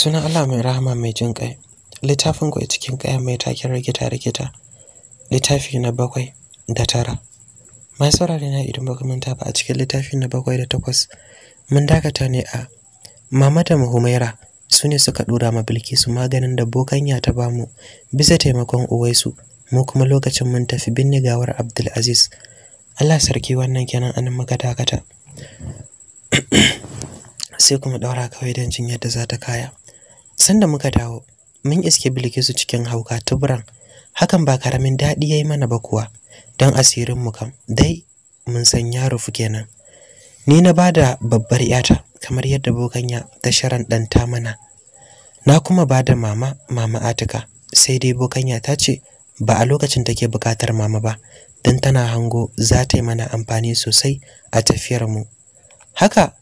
sunan Allah mai rahama mai jin ƙai littafin kuwa cikin ƙaya mai taken rikita rikita littafi na bakwai da tara mai saurari na idan baka manta ba a cikin littafi na bakwai da takwas mun dakata ne a mama da humaira su ne suka dora ma bilkisu maganin da bokanya ta bamu bisa taimakon uwaisu mu kuma lokacin mun tafi binne gawar abdulaziz allah sarki wannan kenan anan maka dakata sai kuma ɗaura kawai don jin yadda za ta kaya Sanda muka dawo, mun iske Bilkisu cikin hauka tuburan. Hakan ba karamin daɗi yayi mana ba kuwa, don asirinmu kam dai mun san ya rufu kenan. Ni na bada babbar yata kamar yadda bokanya ta sharan ɗanta mana. Na kuma bada mama, mama Atika, sai dai bokanya ta ce ba a lokacin take bukatar mama ba, don tana hango za ta yi mana amfani sosai a tafiyarmu. Haka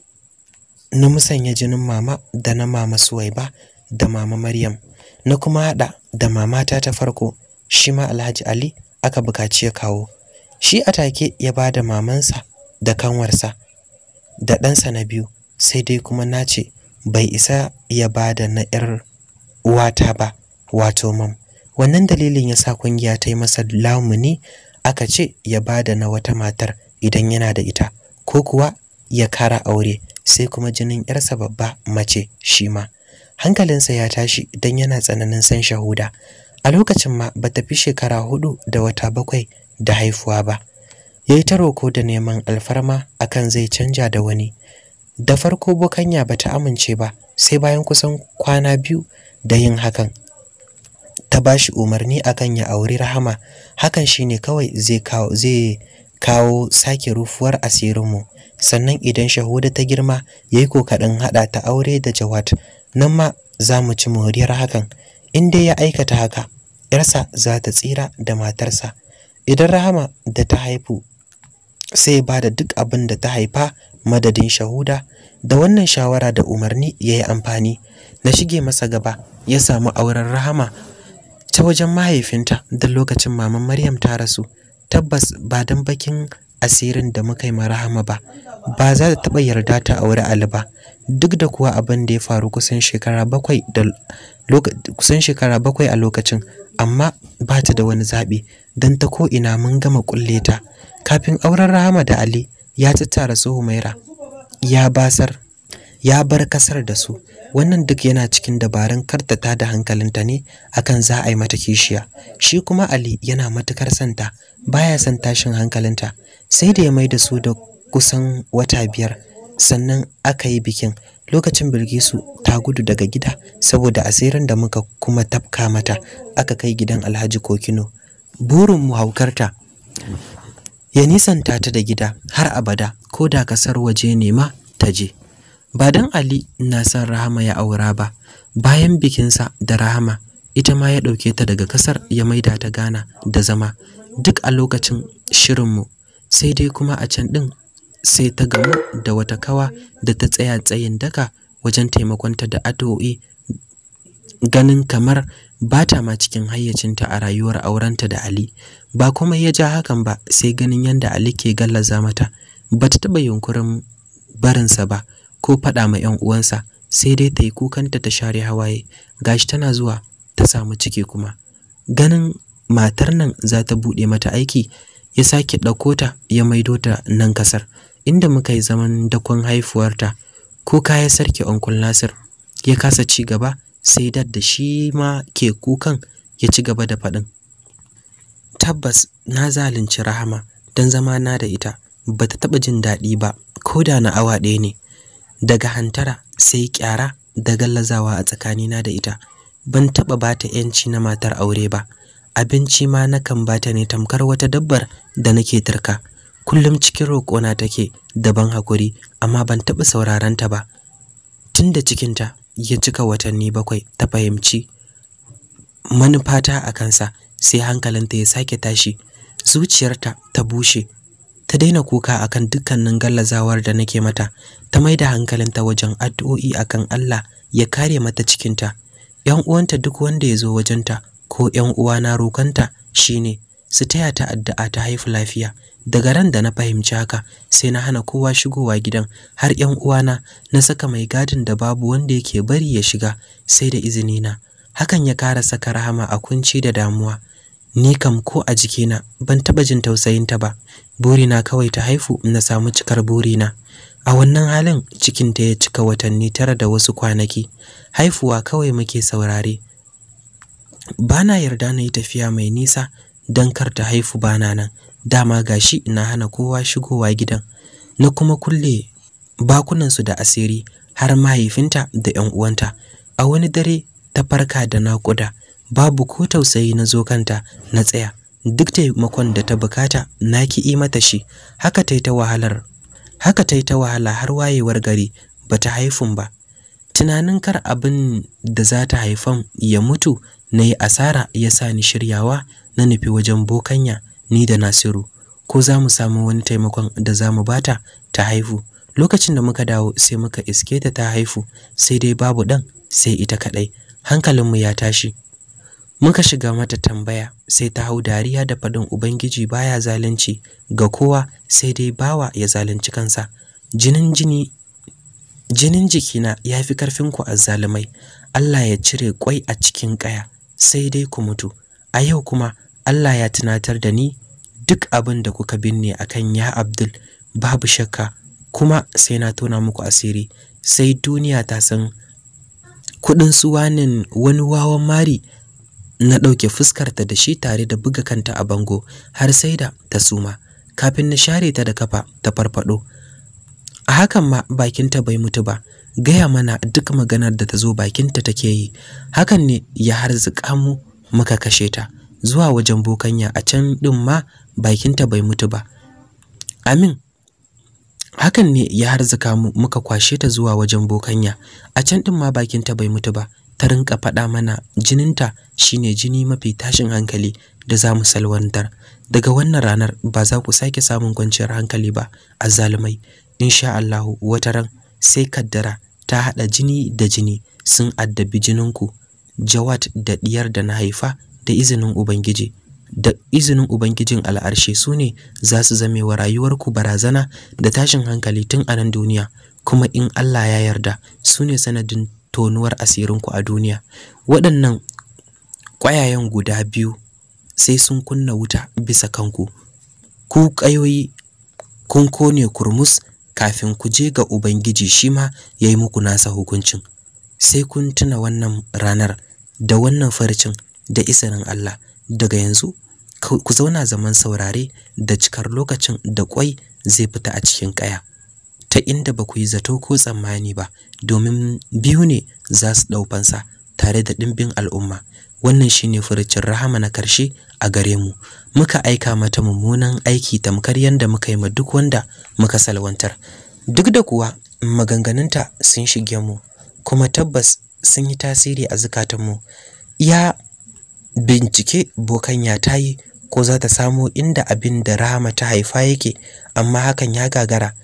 na musanya jinin mama da na mama suwai ba da mama Maryam na kuma haɗa da mamata ta farko shi ma Alhaji Ali aka bukaci ya kawo shi a take ya bada da mamansa da kanwarsa da ɗansa na biyu sai dai kuma na ce bai isa ya ba da na 'yar uwata ba wato mam wannan dalilin ya sa kungiya ta yi masa lamuni aka ce ya bada na wata matar idan yana da ita ko kuwa ya kara aure sai kuma jinin 'yarsa babba mace shi ma hankalinsa ya tashi don yana tsananin san shahuda a lokacin ma ba ta fi shekara hudu da wata bakwai da haifuwa ba ya yi ta roko da neman alfarma akan zai canja da wani da farko bokanya ba ta amince ba sai bayan kusan kwana biyu da yin hakan ta ba shi umarni akan ya auri rahama hakan shine kawai zai kawo zai kawo sake rufuwar asirinmu sannan idan shahuda ta girma yayi kokarin hada ta aure da Jawad nan ma za mu ci moriyar hakan in dai ya aikata haka yarsa za ta tsira da matarsa idan Rahama da ta haifu sai ba da duk abin da ta haifa madadin shahuda da wannan shawara da umarni ya yi amfani na shige masa gaba ya samu auren rahama ta wajen mahaifinta da lokacin maman maryam ta rasu tabbas ba don bakin asirin da muka yi marahama ba ba za ta taɓa yarda ta aure Ali ba duk da kuwa abin da ya faru kusan shekara bakwai da kusan shekara bakwai a lokacin amma ba ta da wani zaɓi don ta ko ina mun gama kulle ta kafin auren Rahama da Ali ya tattara su Humaira ya basar ya bar kasar da su wannan duk yana cikin dabarun kartata da hankalinta ne akan za a yi mata kishiya shi kuma Ali yana matukar santa baya son tashin hankalinta sai da ya mai da su da kusan wata biyar sannan aka yi bikin lokacin bilgisu ta gudu daga gida saboda asirin da muka kuma tafka mata aka kai gidan alhaji kokino burin mu haukarta ya nisanta ta da gida har abada ko da kasar waje ne ma ta je ba dan ali na san rahama ya aura ba bayan bikinsa da rahama ita ma ya ɗauke ta daga kasar ya maida ta gana da zama duk a lokacin shirinmu sai dai kuma a can ɗin sai ta gamu da wata kawa da ta tsaya tsayin daka wajen taimakonta da addu'o'i ganin kamar ba ta ma cikin hayyacinta a rayuwar aurenta da Ali ba kuma ya ja hakan ba sai ganin yadda Ali ke gallaza mata ba ta taɓa yunkurin barinsa ba ko faɗa ma 'yan uwansa sai dai ta yi kukanta ta share hawaye gashi tana zuwa ta samu ciki kuma ganin matar nan za ta buɗe mata aiki ya sake ɗauko ta ya maido ta nan kasar inda muka yi zaman dakon haifuwarta kuka ya sarki onkul nasir ya kasa ci gaba sai dad da shi ma ke kukan ya ci gaba da faɗin tabbas na zalunci rahama don zama na da ita ba ta taɓa jin daɗi ba ko da na awa ɗaya ne daga hantara sai kyara da gallazawa a tsakanina da ita ban taɓa ba ta 'yanci na matar aure ba abinci ma nakan bata ne tamkar wata dabbar da nake turka kullum cikin roƙona take da ban hakuri amma ban taɓa sauraron ta ba tunda cikinta ya cika watanni bakwai ta fahimci manufata a kansa sai hankalinta ya sake tashi zuciyarta ta bushe ta daina kuka akan dukkanin gallazawar da nake mata ta maida hankalinta wajen addu'o'i akan Allah ya kare mata cikinta yan uwanta duk wanda ya zo wajenta ko ƴan uwana rokanta shine su taya ta addu'a ta haifu lafiya daga ran da na fahimci haka sai na hana kowa shigowa gidan har 'yan uwana na saka mai gadin da babu wanda yake bari ya shiga sai da izini na hakan ya kara saka rahama a kunci da damuwa ni kam ko a jikina ban taba jin tausayinta ta ba burina kawai ta haifu na samu cikar burina a wannan halin cikinta ya cika watanni tara da wasu kwanaki haifuwa kawai muke saurare bana yarda na yi tafiya mai nisa don kar ta haifu bana nan dama gashi na hana kowa shigowa gidan na kuma kulle bakunansu da asiri har mahaifinta da 'yan uwanta a wani dare ta farka da naƙuda babu ko tausayi na zo kanta na tsaya duk taimakon da ta bukata na ki yi mata shi haka ta yi ta wahalar haka ta yi ta wahala har wayewar gari ba ta haifun ba tunanin kar abin da za ta haifan ya mutu na yi asara ya sa ni shiryawa na nufi wajen bokanya ni da Nasiru ko za mu samu wani taimakon da za mu bata ta haihu lokacin da muka dawo sai muka iske ta ta haifu. sai dai babu ɗan, sai ita kadai hankalinmu ya tashi muka shiga mata tambaya sai ta hau dariya da faɗin ubangiji baya zalunci ga kowa sai dai bawa ya zalunci kansa jinin jini jinin jikina ya fi a azzalumai Allah ya cire kwai a cikin ƙaya. sai dai ku mutu a yau kuma Allah ya tunatar da ni duk abin da kuka binne akan ya Abdul babu shakka kuma sai na tona muku asiri sai duniya ta san kudin suwanin wani wawan mari na ɗauke fuskarta da shi tare da buga kanta a bango har sai da ta suma kafin na share ta da kafa ta farfado a hakan ma bakinta bai mutu ba gaya mana duk maganar da ta zo bakinta take yi hakan ne ya harzuka mu muka kashe ta zuwa wajen bokanya a can din ma bakinta bai mutu ba amin hakan ne ya mu muka kwashe ta zuwa wajen bokanya a can din ma bakinta bai mutu ba ta rinka faɗa mana jininta shine jini mafi tashin hankali da za mu salwantar daga wannan ranar ba za ku sake samun kwanciyar hankali ba azzalumai insha Allah wataran sai kaddara ta haɗa jini da jini sun addabi jininku jawat da diyar da na haifa da izinin ubangiji da izinin ubangijin al'arshe su ne za su zame wa rayuwarku barazana da tashin hankali tun a nan duniya kuma in Allah ya yarda su ne sanadin tonuwar asirinku a duniya waɗannan ƙwayayen guda biyu sai sun kunna wuta bisa kanku ku ƙayoyi kun kone kurmus kafin ku je ga Ubangiji shi ma ya yi muku nasa hukuncin. Sai kun tuna wannan ranar da wannan farcin da isarin Allah daga yanzu ku zauna zaman saurare da cikar lokacin da kwai zai fita a cikin ƙaya. ta inda ba ku yi zato ko tsammani ba domin biyu ne za su ɗaufansa tare da ɗimbin al'umma wannan shine furucin rahama na karshe a gare mu muka aika mata mummunan aiki tamkar yanda muka yi ma duk wanda muka salwantar duk da kuwa maganganunta sun shige mu kuma tabbas sun yi tasiri a zukatanmu ya bincike bokanya ta yi ko za ta samo inda abin da rahama ta haifa yake amma hakan ya gagara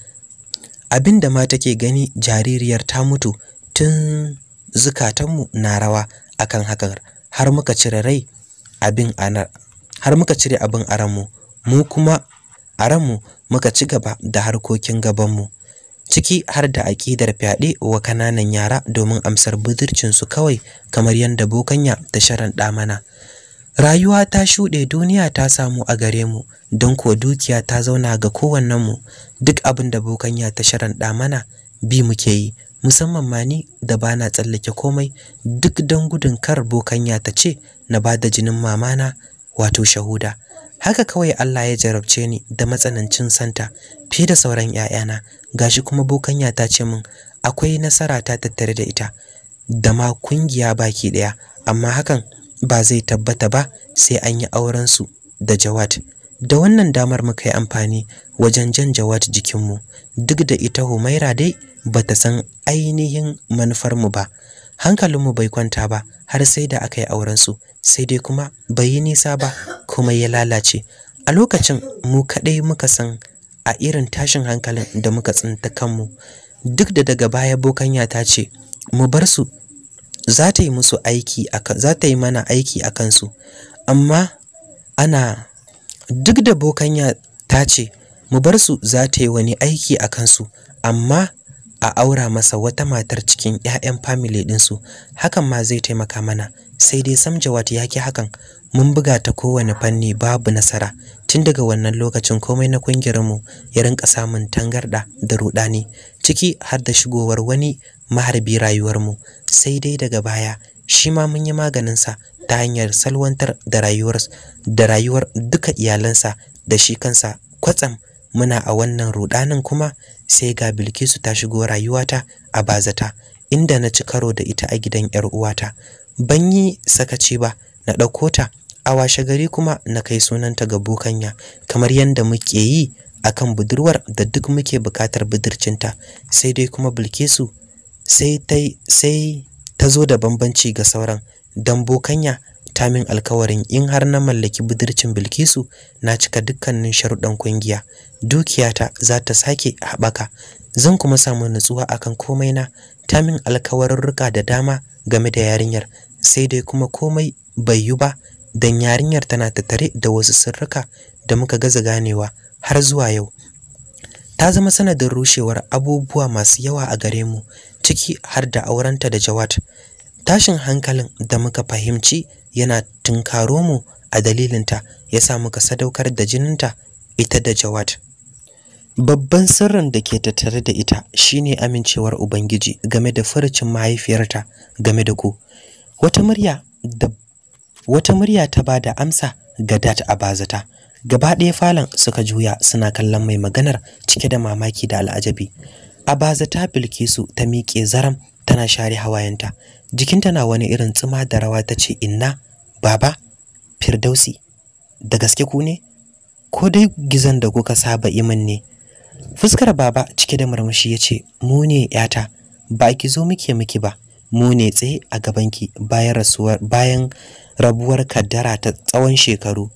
abin da ma take gani jaririyar ta mutu tun zukatanmu na rawa akan hakan har muka cire rai abin ana har muka cire abin aranmu mu kuma aranmu muka ci gaba da harkokin gabanmu ciki har da aƙidar fyaɗe wa kananan yara domin amsar budurcinsu kawai kamar yadda bokanya ta ɗa mana rayuwa ta shuɗe duniya ta samu a gare mu don kuwa dukiya ta zauna ga mu, duk abin da bokanya ta ɗa mana bi muke yi musamman ma ni da ba na tsallake komai duk don gudun kar bokanya ta ce na ba da jinin mamana wato shahuda haka kawai Allah ya jarabce ni da matsanancin santa fiye da sauran 'ya'yana gashi kuma bokanya ta ce min akwai nasara ta tattare da ita da ma kungiya baki ɗaya. amma hakan ba zai tabbata ba sai an yi auren su da Jawad da wannan damar muka yi amfani wajen jan Jawad jikinmu duk da ita Humaira dai bata san ainihin manufar mu ba hankalinmu bai kwanta ba har sai da aka yi auren su sai dai kuma bai yi nisa ba kuma ya lalace a lokacin mu kadai muka san a irin tashin hankalin da muka tsinta kanmu duk da daga baya bokanya ta ce mu bar su za ta yi musu aiki za ta yi mana aiki a kansu amma ana duk da bokanya ta ce mu bar su za ta yi wani aiki a kansu amma a aura masa wata matar cikin 'ya'yan family ɗinsu hakan ma zai taimaka mana sai dai sam jawat ya ki hakan mun buga ta kowane fanni babu nasara tun daga wannan lokacin komai na mu ya rinka samun tangarda da rudani ciki har da shigowar wani maharbi rayuwarmu sai dai daga baya shi ma mun yi maganinsa ta hanyar salwantar da rayuwar da rayuwar duka iyalansa da shi kansa kwatsam muna a wannan rudanin kuma sai ga Bilkisu ta shigo rayuwata a bazata inda na ci karo da ita a gidan yar uwata ban yi sakaci ba na ɗauko ta a washe gari kuma na kai sunanta ga bokanya kamar yadda muke yi akan budurwar da duk muke bukatar budurcinta sai dai kuma Bilkisu sai ta ta zo da bambanci ga sauran dan bokanya ta min alkawarin in har na mallaki budurcin Bilkisu na cika dukkanin sharuɗan kungiya dukiyata za ta sake haɓaka zan kuma samu nutsuwa akan komai na ta min ruka da dama game da yarinyar sai dai kuma komai bai yi ba dan yarinyar tana tattare da wasu sirrika da muka gaza ganewa har zuwa yau ta zama sanadin rushewar abubuwa masu yawa a gare mu ciki har da aurenta da jawat. tashin hankalin da muka fahimci yana tunkaro mu a dalilinta ya sa muka sadaukar da jininta ita da Jawad. Babban sirrin da ke tattare da ita shine amincewar Ubangiji game da furucin mahaifiyarta game da ku. Wata murya da wata murya ta bada amsa ga Dat Abazata. Gaba ɗaya falon suka juya suna kallon mai maganar cike da mamaki da al'ajabi. Abazata Bilkisu ta miƙe zaram tana share hawayenta jikinta na wani irin tsima da rawa ta ce inna baba firdausi da gaske ku ne ko dai gizon da kuka saba imin ne fuskar baba cike da murmushi ya ce mu ne yata ba ki zo muke miki ba mu ne tsaye a gabanki bayan bayan rabuwar kaddara ta tsawon shekaru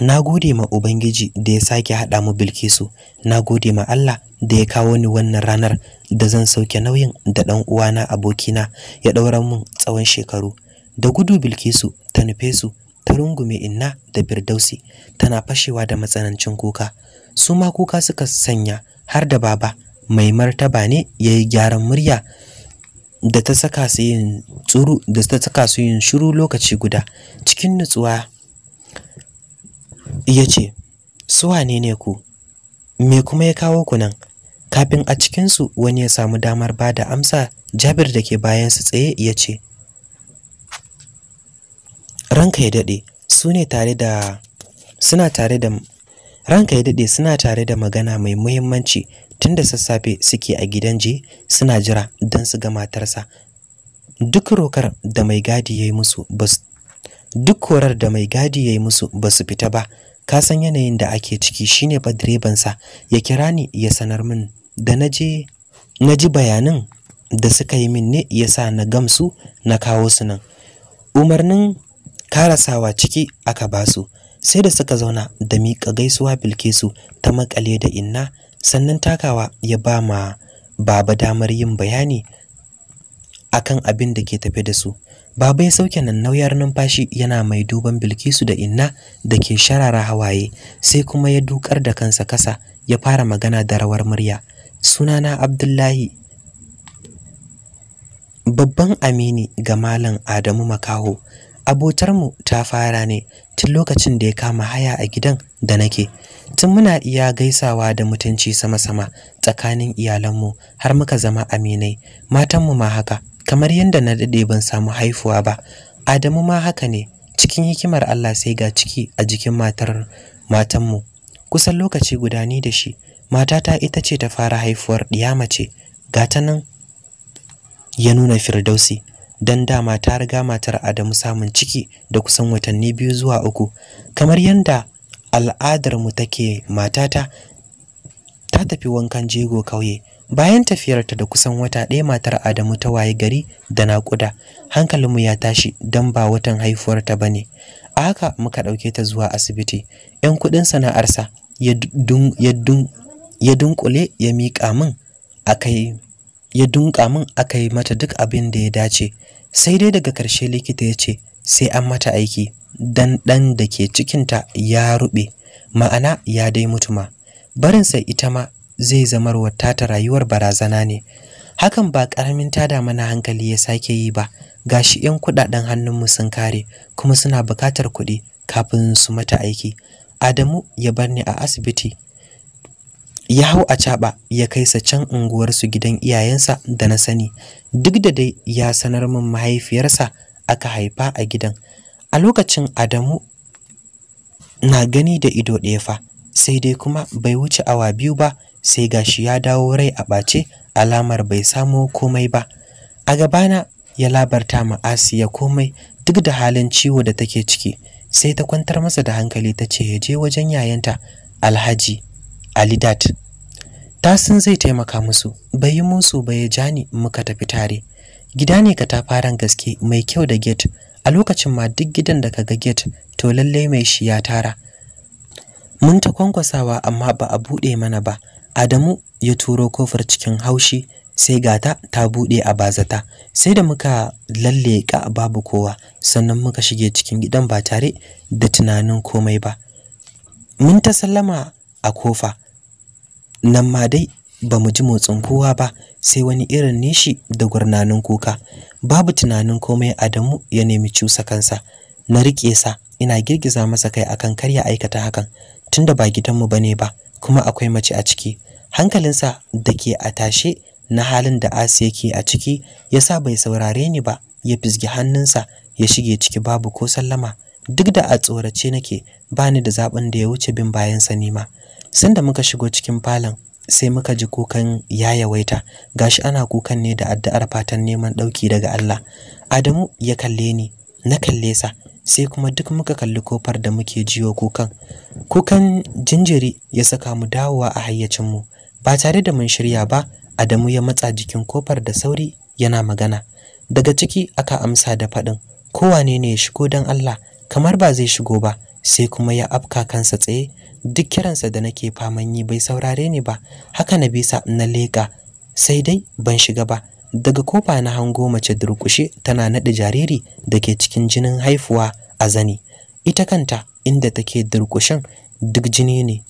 Na gode ma Ubangiji da ya sake haɗa mu Bilkisu, na gode ma Allah da ya kawo ni wannan ranar da zan sauke nauyin da ɗan uwana abokina ya ɗaura mun tsawon shekaru. Da gudu Bilkisu ta nufe su ta rungume inna da Birdausi tana fashewa da matsanancin kuka. Su ma kuka suka sanya har da baba mai martaba ne ya yi gyaran murya da ta saka su yin tsuru da ta saka su yin shiru lokaci guda cikin nutsuwa ya ce su wane ne ku me kuma ya kawo ku nan kafin a cikinsu wani ya samu damar ba da amsa jabir da ke bayansu tsaye ya ce ranka ya daɗe su ne tare da suna tare da ranka ya daɗe suna tare da magana mai muhimmanci tunda sassafe suke a gidan je suna jira don su ga matarsa duk rokar da mai gadi ya yi musu ba duk korar da mai gadi ya yi musu ba su fita ba ka san yanayin da ake ciki shine ba direbansa ya kira ni ya sanar min da na naji ji bayanin da suka yi min ne ya sa na gamsu na kawo su nan umarnin karasawa ciki aka ba su sai da suka zauna da miƙa gaisuwa bilkisu ta makale da inna sannan takawa ya ba ma baba damar yin bayani akan abin da ke tafe da su Baba ya sauke nan nauyar numfashi yana mai duban Bilkisu da Inna da ke sharara hawaye sai kuma ya dukar da kansa kasa ya fara magana da rawar murya. Sunana Abdullahi babban amini ga Malam Adamu Makaho. abotar mu ta fara ne tun lokacin da ya kama haya a gidan da nake. Tun muna iya gaisawa da mutunci sama-sama tsakanin iyalanmu har muka zama aminai. Matanmu ma haka. kamar yadda na daɗe ban samu haifuwa ba Adamu ma haka ne cikin hikimar Allah sai ga ciki a jikin matar matanmu kusan lokaci guda ni da shi matata ita ce ta fara haifuwar ɗiya mace ga ta nan ya nuna firdausi don dama ta riga matar Adamu samun ciki da kusan watanni biyu zuwa uku kamar yadda al'adarmu take matata ta tafi wankan jego kauye Bayan tafiyarta da kusan wata ɗaya matar Adamu ta waye gari da naƙuda, hankalinmu ya tashi don ba watan haifuwarta ba ne. A haka muka ɗauke ta zuwa asibiti, ‘yan kuɗin sana'arsa ya dunƙule ya miƙa min ya dunƙa min aka yi mata duk abin da ya dace sai dai daga ƙarshe likita ya ce sai an mata aiki dan ɗan da ke cikinta ya ruɓe ma'ana ya dai mutuma. Barin sai ita ma zai zamarwa ta rayuwar barazana ne hakan ba ƙaramin tada mana hankali ya sake yi ba gashi 'yan kuɗaɗen hannunmu sun kare kuma suna buƙatar kuɗi kafin su mata aiki Adamu ya bar ni a asibiti ya hau a caɓa ya kai sa can unguwarsu gidan iyayensa da na sani duk da dai ya sanar min mahaifiyarsa aka haifa a gidan a lokacin Adamu na gani da ido ɗaya fa sai dai kuma bai wuce awa biyu ba sai gashi ya dawo rai a ɓace alamar bai samo komai ba a gabana ya labarta ma Asiya komai duk da halin ciwo da take ciki sai ta kwantar masa da hankali ta ce ya je wajen yayanta Alhaji Alidat ta sun zai taimaka musu bai yi musu ba ya jani muka tafi tare gida ne ka tafaran gaske mai kyau da gate a lokacin ma duk gidan da ka ga gate to lallai mai shi ya tara mun ta kwankwasawa amma ba a buɗe mana ba Adamu ya turo kofar cikin haushi sai gata ta bude a bazata sai da muka lalle ka babu kowa sannan muka shige cikin gidan ba tare da tunanin komai ba mun ta sallama a kofa nan ma dai ba mu ji motsin kowa ba sai wani irin nishi da gurnanin kuka babu tunanin komai Adamu ya nemi cusa kansa na riƙe sa ina girgiza masa kai akan karya aikata hakan tunda ba gidanmu bane ba kuma akwai mace a ciki hankalinsa da ke a tashe na halin da Asi yake a ciki ya sa bai saurare ni ba ya fizgi hannunsa ya shige ciki babu ko sallama duk da a tsorace nake bani da zaben da ya wuce bin bayansa nima sanda muka shigo cikin falon sai muka ji kukan ya yawaita gashi ana kukan ne da addu'ar fatan neman ɗauki daga Allah Adamu ya kalle ni na kalle sa sai kuma duk muka kalli kofar da muke jiyo kukan kukan jinjiri ya saka mu dawowa a hayyacin mu. ba tare da mun shirya ba adamu ya matsa jikin kofar da sauri yana magana daga ciki aka amsa da faɗin kowane ne ya shigo don allah kamar ba zai shigo ba sai kuma ya afka kansa tsaye duk kiransa da nake faman yi bai saurare ni ba haka na bisa na leƙa sai dai ban shiga ba daga kofa na hango mace durƙushe tana naɗe jariri da ke cikin jinin haifuwa a zani ita kanta inda take durƙushen duk jini ne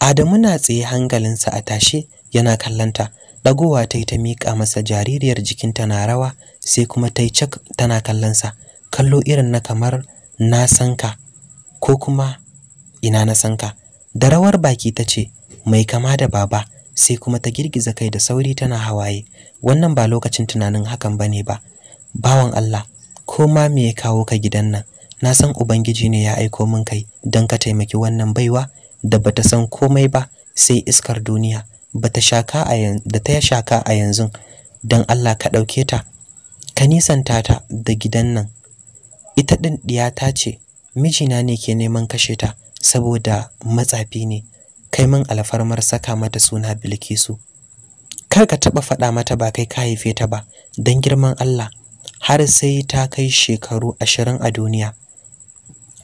Adamu na tsaye hankalinsa a tashe yana kallanta dagowa ta yi ta miƙa masa jaririyar jikinta na rawa sai kuma ta yi cak tana kallonsa kallo irin na kamar na sanka ko kuma ina na sanka da rawar baki ta ce mai kama da baba sai kuma ta girgiza kai da sauri tana hawaye wannan ba lokacin tunanin hakan bane ba bawan Allah ko ma me ya kawo ka gidan nan na san ubangiji ne ya aiko min kai don ka taimaki wannan baiwa da bata san komai ba sai iskar duniya bata shaka a yanzu da ta ya shaka a yanzu don Allah ka dauke ta ka nisanta ta da gidan nan ita din ta ce mijina ne ke neman kashe ta saboda matsafi ne kai min alfarmar saka mata suna Bilkisu kar ka taɓa faɗa mata ba kai ka haife ta ba dan girman Allah har sai ta kai shekaru ashirin a duniya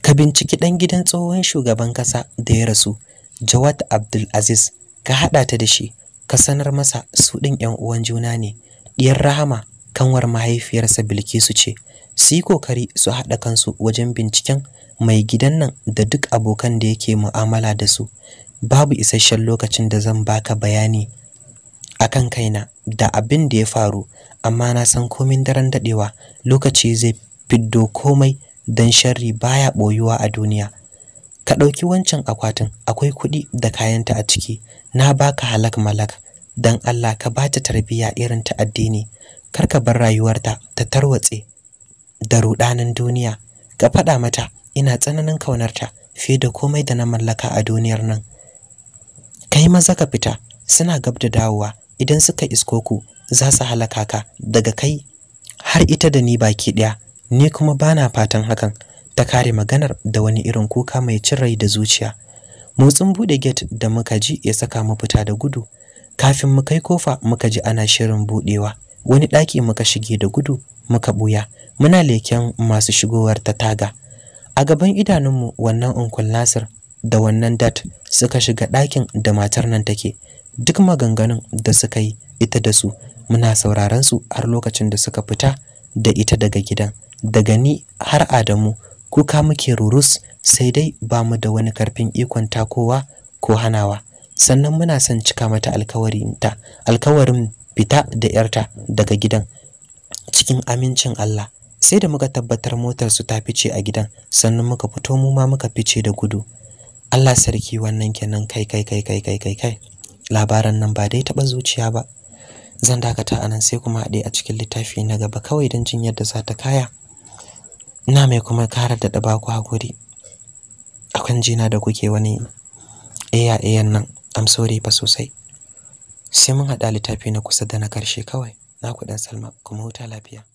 ka binciki ɗan gidan tsohon shugaban ƙasa da ya rasu Jawad Abdul Aziz ka haɗa ta da shi ka sanar masa su ɗin 'yan uwan juna ne diyar Rahama kanwar mahaifiyarsa Bilkisu ce su yi kokari su haɗa kansu wajen binciken mai gidan nan da duk abokan da yake mu'amala da su babu isasshen lokacin da zan baka bayani akan kaina da abin da ya faru amma na san komin daren dadewa lokaci zai fiddo komai dan sharri baya boyuwa a duniya ka ɗauki wancan akwatin akwai kuɗi da kayanta a ciki na baka halak malak dan Allah ka bata tarbiyya irin ta addini kar ka bar rayuwarta ta tarwatse da rudanin duniya ka faɗa mata ina tsananin kaunarta fiye da komai da na mallaka a duniyar nan kai maza ka fita suna gab da dawowa idan suka isko ku za su halaka ka daga kai har ita da ni baki ɗaya ni kuma bana fatan hakan ta kare maganar da wani irin kuka mai cin rai da zuciya motsin bude gate da muka ji ya saka mu fita da gudu kafin mu kai kofa muka ji ana shirin budewa wani daki muka shige da gudu muka buya muna leken masu shigowar ta taga a gaban idanunmu wannan unkul Nasir da wannan dat suka shiga ɗakin da matar nan take duk maganganun da suka yi ita da su muna sauraron su har lokacin da suka fita da ita daga gidan daga ni har Adamu kuka muke rurus sai dai ba mu da wani karfin ikon takowa ko hanawa sannan muna son cika mata alkawarinta alkawarin fita da yarta daga gidan cikin amincin Allah sai da muka tabbatar motar su ta fice a gidan sannan muka fito mu ma muka fice da gudu Allah sarki wannan kenan kai kai kai kai kai kai kai labaran nan ba dai taɓa zuciya ba zan dakata a nan sai kuma haɗe a cikin littafi na gaba kawai don jin yadda za ta kaya Na mai kuma karar da ɗaba ku hakuri kan jina da kuke wani eya eyan nan am sorry fa sosai sai mun haɗa littafi na kusa da na ƙarshe kawai na ku ɗan salma kuma wuta lafiya